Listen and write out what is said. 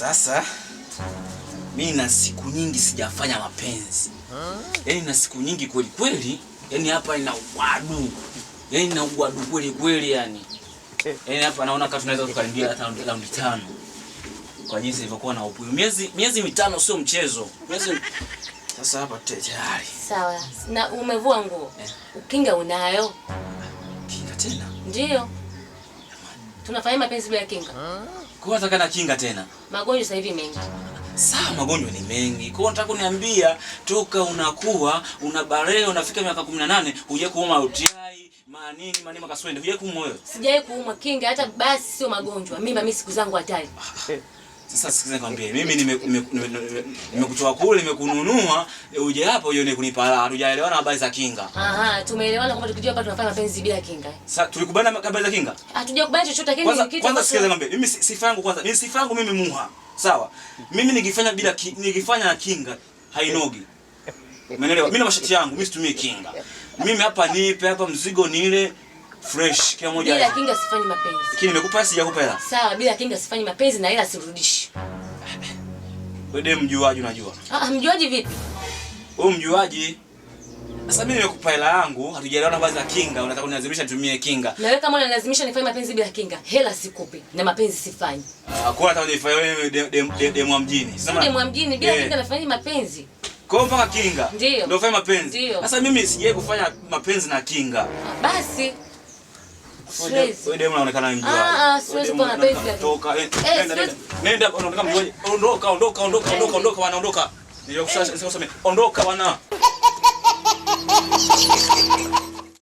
Sasa mimi na siku nyingi sijafanya mapenzi yaani, na siku nyingi kweli kweli, yaani hapa ina wadu, yaani ina wadu kweli kweli, yani yaani hapa naona kama tunaweza hata raundi tano kwa jinsi ilivyokuwa na upuyu. Miezi miezi mitano sio mchezo. Miezi sasa hapa tayari. Sawa. Na umevua nguo? Yeah. Ukinga unayo? Kinga tena? Ndio. Tunafanya mapenzi bila kinga. Kwa nini kana kinga tena? Magonjwa sasa hivi mengi. Sawa, magonjwa ni mengi. Kwa hiyo nataka kuniambia toka unakuwa una balehe unafika miaka 18 huja kuuma UTI, manini, manini makaswende. Huje kuumwa wewe? Sijawahi kuumwa kinga hata basi sio magonjwa. Mimi mimi siku zangu hatari. Eh. Sasa sikiza nikwambie, mimi nimekutoa kule, nimekununua uje hapa uje kunipa hela. Hatujaelewana habari za kinga. Aha, tumeelewana kwamba tukijua hapa tunafanya mapenzi bila kinga. Sasa tulikubana habari za kinga? Hatujakubana chochote lakini kwanza, kwanza sikiza nikwambie, mimi sifa yangu kwanza, mimi sifa yangu mimi muha. Sawa? Mimi nikifanya bila nikifanya na kinga hainogi. Umeelewa? Mimi na mashati yangu mimi situmii kinga. Mimi hapa nipe hapa mzigo nile fresh kila moja. Bila kinga sifanyi mapenzi. Lakini nimekupa sijakupa hela. Sawa, bila kinga sifanyi mapenzi na hela sirudishi. Wewe dem mjuaji unajua. Ah, ah, mjuaji vipi? Wewe mjuaji. Sasa mimi nimekupa hela yangu, hatujaelewana basi na kinga, unataka kunilazimisha nitumie kinga. Na wewe kama unanilazimisha nifanye mapenzi bila kinga, hela sikupi na mapenzi sifanyi. Hakuna hata unifanye wewe dem dem wa mjini. Sasa dem wa mjini bila eh. kinga nafanyi mapenzi. Kwa hiyo mpaka kinga. Ndio. Ndio fanya mapenzi. Sasa mimi sijawahi kufanya mapenzi na kinga. Ah, basi wewe demu unaonekana ni mjua. Ah, ah, siwezi kuwa na penzi toka. Nenda, unaonekana mjua. Ondoka, ondoka, ondoka, eh. ondoka, ondoka, wanaondoka. Nilikusema ondoka wana.